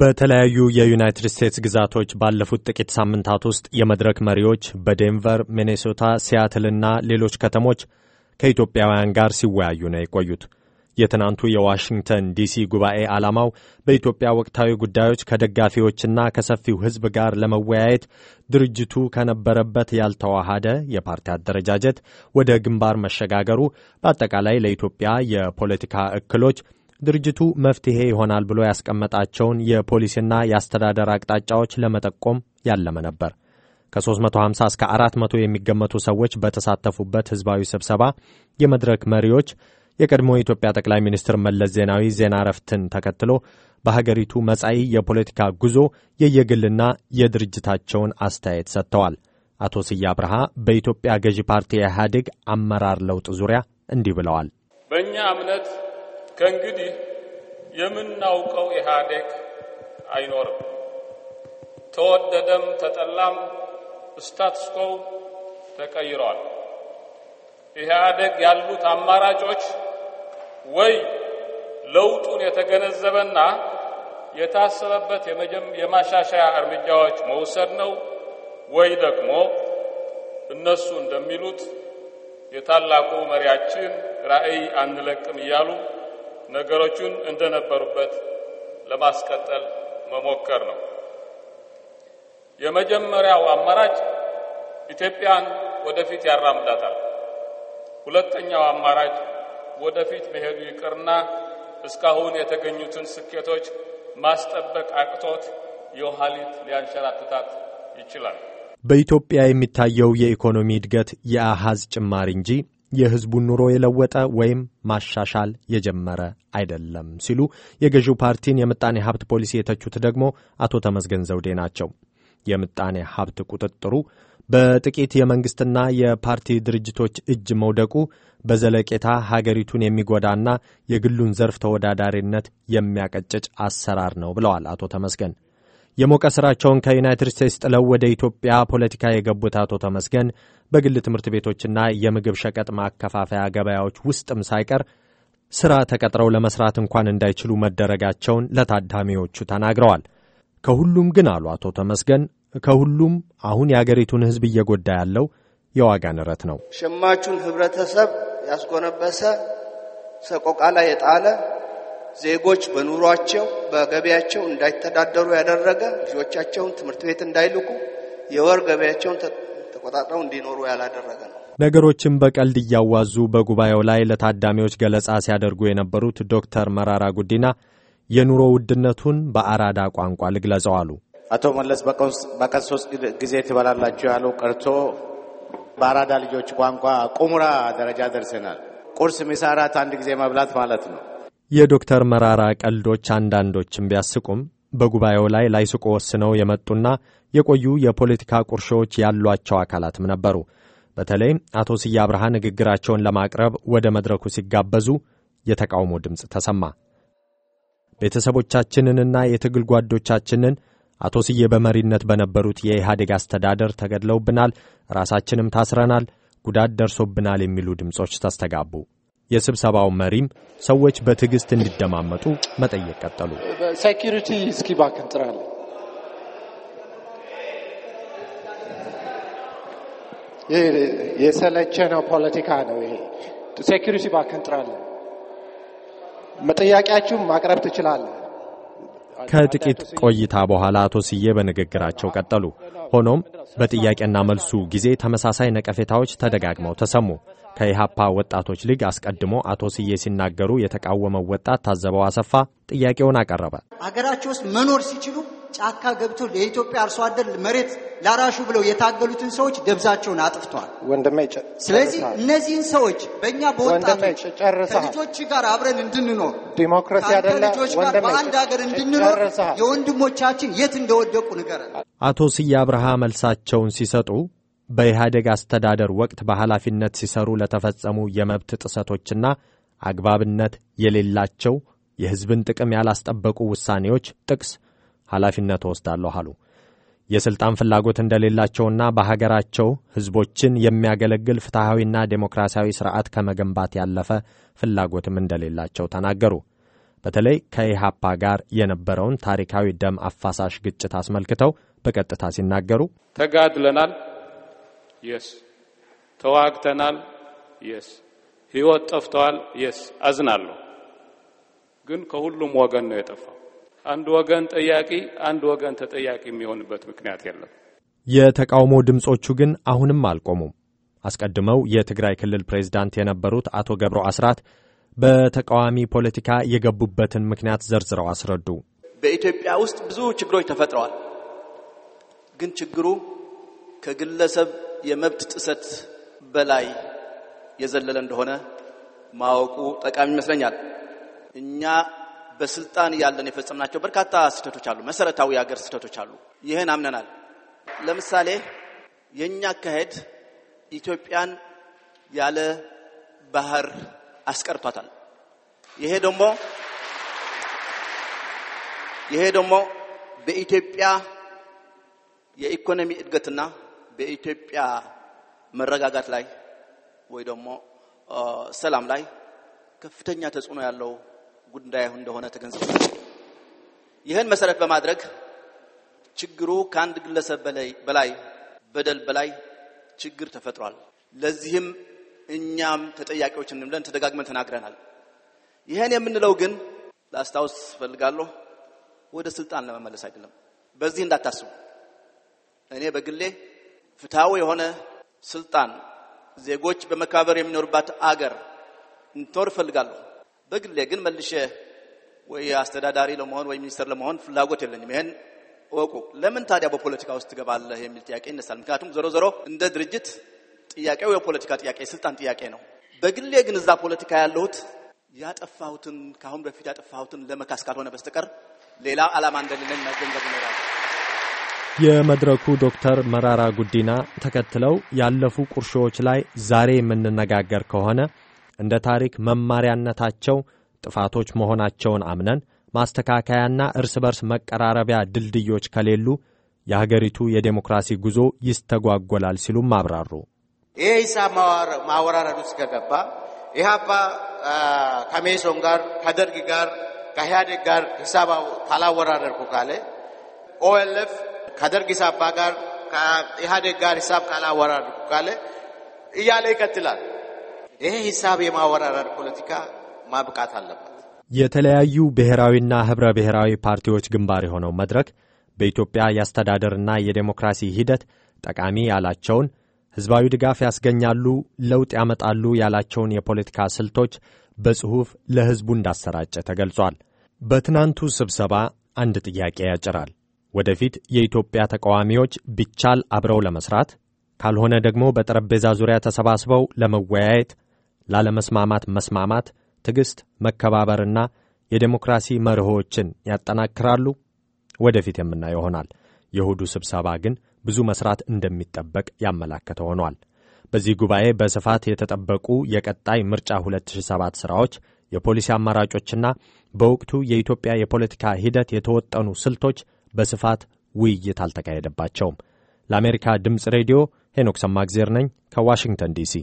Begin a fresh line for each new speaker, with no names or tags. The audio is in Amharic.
በተለያዩ የዩናይትድ ስቴትስ ግዛቶች ባለፉት ጥቂት ሳምንታት ውስጥ የመድረክ መሪዎች በዴንቨር፣ ሚኔሶታ፣ ሲያትልና ሌሎች ከተሞች ከኢትዮጵያውያን ጋር ሲወያዩ ነው የቆዩት። የትናንቱ የዋሽንግተን ዲሲ ጉባኤ ዓላማው በኢትዮጵያ ወቅታዊ ጉዳዮች ከደጋፊዎችና ከሰፊው ሕዝብ ጋር ለመወያየት ድርጅቱ ከነበረበት ያልተዋሃደ የፓርቲ አደረጃጀት ወደ ግንባር መሸጋገሩ፣ በአጠቃላይ ለኢትዮጵያ የፖለቲካ እክሎች ድርጅቱ መፍትሄ ይሆናል ብሎ ያስቀመጣቸውን የፖሊሲና የአስተዳደር አቅጣጫዎች ለመጠቆም ያለመ ነበር። ከ350 እስከ 400 የሚገመቱ ሰዎች በተሳተፉበት ሕዝባዊ ስብሰባ የመድረክ መሪዎች የቀድሞ የኢትዮጵያ ጠቅላይ ሚኒስትር መለስ ዜናዊ ዜና እረፍትን ተከትሎ በሀገሪቱ መጻኢ የፖለቲካ ጉዞ የየግልና የድርጅታቸውን አስተያየት ሰጥተዋል። አቶ ስዬ አብርሃ በኢትዮጵያ ገዢ ፓርቲ ኢህአዴግ አመራር ለውጥ ዙሪያ እንዲህ ብለዋል።
በእኛ እምነት ከእንግዲህ የምናውቀው ኢህአዴግ አይኖርም። ተወደደም ተጠላም ስታትስኮው ተቀይሯል። ኢህአዴግ ያሉት አማራጮች ወይ ለውጡን የተገነዘበና የታሰበበት የማሻሻያ እርምጃዎች መውሰድ ነው፣ ወይ ደግሞ እነሱ እንደሚሉት የታላቁ መሪያችን ራዕይ አንለቅም እያሉ ነገሮቹን እንደነበሩበት ለማስቀጠል መሞከር ነው። የመጀመሪያው አማራጭ ኢትዮጵያን ወደፊት ያራምዳታል። ሁለተኛው አማራጭ ወደፊት መሄዱ ይቅርና እስካሁን የተገኙትን ስኬቶች ማስጠበቅ አቅቶት የኋሊት ሊያንሸራትታት ይችላል።
በኢትዮጵያ የሚታየው የኢኮኖሚ እድገት የአሃዝ ጭማሪ እንጂ የሕዝቡን ኑሮ የለወጠ ወይም ማሻሻል የጀመረ አይደለም ሲሉ የገዢው ፓርቲን የምጣኔ ሀብት ፖሊሲ የተቹት ደግሞ አቶ ተመስገን ዘውዴ ናቸው። የምጣኔ ሀብት ቁጥጥሩ በጥቂት የመንግሥትና የፓርቲ ድርጅቶች እጅ መውደቁ በዘለቄታ ሀገሪቱን የሚጎዳና የግሉን ዘርፍ ተወዳዳሪነት የሚያቀጭጭ አሰራር ነው ብለዋል አቶ ተመስገን። የሞቀ ስራቸውን ከዩናይትድ ስቴትስ ጥለው ወደ ኢትዮጵያ ፖለቲካ የገቡት አቶ ተመስገን በግል ትምህርት ቤቶችና የምግብ ሸቀጥ ማከፋፈያ ገበያዎች ውስጥም ሳይቀር ስራ ተቀጥረው ለመስራት እንኳን እንዳይችሉ መደረጋቸውን ለታዳሚዎቹ ተናግረዋል። ከሁሉም ግን አሉ አቶ ተመስገን፣ ከሁሉም አሁን የአገሪቱን ሕዝብ እየጎዳ ያለው የዋጋ ንረት ነው።
ሸማቹን ህብረተሰብ ያስጎነበሰ ሰቆቃ ላይ የጣለ ዜጎች በኑሯቸው በገቢያቸው እንዳይተዳደሩ ያደረገ፣ ልጆቻቸውን ትምህርት ቤት እንዳይልኩ የወር ገቢያቸውን ተቆጣጥረው እንዲኖሩ ያላደረገ
ነው። ነገሮችን በቀልድ እያዋዙ በጉባኤው ላይ ለታዳሚዎች ገለጻ ሲያደርጉ የነበሩት ዶክተር መራራ ጉዲና የኑሮ ውድነቱን በአራዳ ቋንቋ ልግለጸው አሉ።
አቶ መለስ በቀን ሶስት ጊዜ ትበላላችሁ ያለው ቀርቶ በአራዳ ልጆች ቋንቋ ቁሙራ ደረጃ ደርሰናል። ቁርስ፣ ምሳ፣ እራት አንድ ጊዜ መብላት ማለት ነው።
የዶክተር መራራ ቀልዶች አንዳንዶችም ቢያስቁም በጉባኤው ላይ ላይስቁ ወስነው የመጡና የቆዩ የፖለቲካ ቁርሾዎች ያሏቸው አካላትም ነበሩ። በተለይ አቶ ስዬ አብርሃ ንግግራቸውን ለማቅረብ ወደ መድረኩ ሲጋበዙ የተቃውሞ ድምፅ ተሰማ። ቤተሰቦቻችንንና የትግል ጓዶቻችንን አቶ ስዬ በመሪነት በነበሩት የኢህአዴግ አስተዳደር ተገድለውብናል፣ ራሳችንም ታስረናል፣ ጉዳት ደርሶብናል የሚሉ ድምፆች ተስተጋቡ። የስብሰባው መሪም ሰዎች በትዕግስት እንዲደማመጡ መጠየቅ ቀጠሉ። ሴኪሪቲ ባክ እንጥራለን። የሰለቸ ነው፣ ፖለቲካ ነው ይሄ። ሴኪሪቲ ባክ እንጥራለን።
መጠያቂያችሁም ማቅረብ ትችላለን።
ከጥቂት ቆይታ በኋላ አቶ ስዬ በንግግራቸው ቀጠሉ። ሆኖም በጥያቄና መልሱ ጊዜ ተመሳሳይ ነቀፌታዎች ተደጋግመው ተሰሙ። ከኢሃፓ ወጣቶች ሊግ አስቀድሞ አቶ ስዬ ሲናገሩ የተቃወመው ወጣት ታዘበው አሰፋ ጥያቄውን አቀረበ።
አገራቸው ውስጥ መኖር ሲችሉ ጫካ ገብቶ ለኢትዮጵያ አርሶ አደር መሬት ላራሹ ብለው የታገሉትን ሰዎች
ደብዛቸውን አጥፍቷል። ስለዚህ እነዚህን ሰዎች በእኛ በወጣቶች ከልጆች
ጋር አብረን እንድንኖር
ዲሞክራሲ ከልጆች ጋር በአንድ ሀገር እንድንኖር
የወንድሞቻችን የት እንደወደቁ ንገረን።
አቶ ስዬ አብርሃ መልሳቸውን ሲሰጡ በኢህአደግ አስተዳደር ወቅት በኃላፊነት ሲሰሩ ለተፈጸሙ የመብት ጥሰቶችና አግባብነት የሌላቸው የሕዝብን ጥቅም ያላስጠበቁ ውሳኔዎች ጥቅስ ኃላፊነት ወስዳለሁ አሉ። የሥልጣን ፍላጎት እንደሌላቸውና በሀገራቸው ሕዝቦችን የሚያገለግል ፍትሐዊና ዴሞክራሲያዊ ሥርዓት ከመገንባት ያለፈ ፍላጎትም እንደሌላቸው ተናገሩ። በተለይ ከኢሃፓ ጋር የነበረውን ታሪካዊ ደም አፋሳሽ ግጭት አስመልክተው በቀጥታ ሲናገሩ
ተጋድለናል፣ የስ ተዋግተናል፣ የስ ሕይወት ጠፍተዋል፣ የስ አዝናለሁ። ግን ከሁሉም ወገን ነው የጠፋው አንድ ወገን ጠያቂ አንድ ወገን ተጠያቂ የሚሆንበት ምክንያት የለም።
የተቃውሞ ድምፆቹ ግን አሁንም አልቆሙም። አስቀድመው የትግራይ ክልል ፕሬዝዳንት የነበሩት አቶ ገብሩ አስራት በተቃዋሚ ፖለቲካ የገቡበትን ምክንያት ዘርዝረው አስረዱ።
በኢትዮጵያ ውስጥ ብዙ ችግሮች ተፈጥረዋል። ግን ችግሩ ከግለሰብ የመብት ጥሰት በላይ የዘለለ እንደሆነ ማወቁ ጠቃሚ ይመስለኛል። እኛ በስልጣን ያለን የፈጸምናቸው በርካታ ስህተቶች አሉ። መሰረታዊ የሀገር ስህተቶች አሉ። ይህን አምነናል። ለምሳሌ የእኛ አካሄድ ኢትዮጵያን ያለ ባህር አስቀርቷታል። ይሄ ደግሞ ይሄ ደግሞ በኢትዮጵያ የኢኮኖሚ እድገትና በኢትዮጵያ መረጋጋት ላይ ወይ ደግሞ ሰላም ላይ ከፍተኛ ተጽዕኖ ያለው ጉዳይ እንደሆነ ተገንዝበናል። ይህን መሰረት በማድረግ ችግሩ ከአንድ ግለሰብ በላይ በደል በላይ ችግር ተፈጥሯል። ለዚህም እኛም ተጠያቂዎች ብለን ተደጋግመን ተናግረናል። ይህን የምንለው ግን ላስታውስ ፈልጋለሁ፣ ወደ ስልጣን ለመመለስ አይደለም። በዚህ እንዳታስቡ። እኔ በግሌ ፍትሐዊ የሆነ ስልጣን ዜጎች በመከባበር የሚኖርባት አገር እንድትኖር እፈልጋለሁ። በግሌ ግን መልሼ ወይ አስተዳዳሪ ለመሆን ወይ ሚኒስተር ለመሆን ፍላጎት የለኝም። ይሄን እወቁ። ለምን ታዲያ በፖለቲካ ውስጥ ትገባለህ የሚል ጥያቄ ይነሳል። ምክንያቱም ዞሮ ዞሮ እንደ ድርጅት ጥያቄው የፖለቲካ ጥያቄ፣ የስልጣን ጥያቄ ነው። በግሌ ግን እዛ ፖለቲካ ያለሁት ያጠፋሁትን ከአሁን በፊት ያጠፋሁትን ለመካስ ካልሆነ በስተቀር ሌላ ዓላማ እንደሌለኝ መገንዘብ ይኖራል።
የመድረኩ ዶክተር መራራ ጉዲና ተከትለው ያለፉ ቁርሾዎች ላይ ዛሬ የምንነጋገር ከሆነ እንደ ታሪክ መማሪያነታቸው ጥፋቶች መሆናቸውን አምነን ማስተካከያና እርስ በርስ መቀራረቢያ ድልድዮች ከሌሉ የሀገሪቱ የዴሞክራሲ ጉዞ ይስተጓጎላል ሲሉም አብራሩ።
ይሄ ሂሳብ ማወራረድ ውስጥ ከገባ ኢህአፓ ከሜሶን ጋር ከደርግ ጋር ከኢህአዴግ ጋር ሂሳብ ካላወራረድኩ ካለ ኦኤልኤፍ ከደርግ ሂሳባ ጋር ከኢህአዴግ ጋር ሂሳብ ካላወራረድኩ ካለ እያለ ይቀጥላል። ይሄ ሂሳብ የማወራረድ ፖለቲካ
ማብቃት አለበት።
የተለያዩ ብሔራዊና ህብረ ብሔራዊ ፓርቲዎች ግንባር የሆነው መድረክ በኢትዮጵያ የአስተዳደርና የዴሞክራሲ ሂደት ጠቃሚ ያላቸውን ሕዝባዊ ድጋፍ ያስገኛሉ፣ ለውጥ ያመጣሉ ያላቸውን የፖለቲካ ስልቶች በጽሑፍ ለሕዝቡ እንዳሰራጨ ተገልጿል። በትናንቱ ስብሰባ አንድ ጥያቄ ያጭራል። ወደፊት የኢትዮጵያ ተቃዋሚዎች ቢቻል አብረው ለመስራት ካልሆነ ደግሞ በጠረጴዛ ዙሪያ ተሰባስበው ለመወያየት ላለመስማማት መስማማት፣ ትዕግሥት፣ መከባበርና የዴሞክራሲ መርሆችን ያጠናክራሉ። ወደፊት የምናየው ይሆናል። የእሁዱ ስብሰባ ግን ብዙ መስራት እንደሚጠበቅ ያመላከተ ሆኗል። በዚህ ጉባኤ በስፋት የተጠበቁ የቀጣይ ምርጫ 2007 ሥራዎች፣ የፖሊሲ አማራጮችና በወቅቱ የኢትዮጵያ የፖለቲካ ሂደት የተወጠኑ ስልቶች በስፋት ውይይት አልተካሄደባቸውም። ለአሜሪካ ድምፅ ሬዲዮ ሄኖክ ሰማግዜር ነኝ ከዋሽንግተን ዲሲ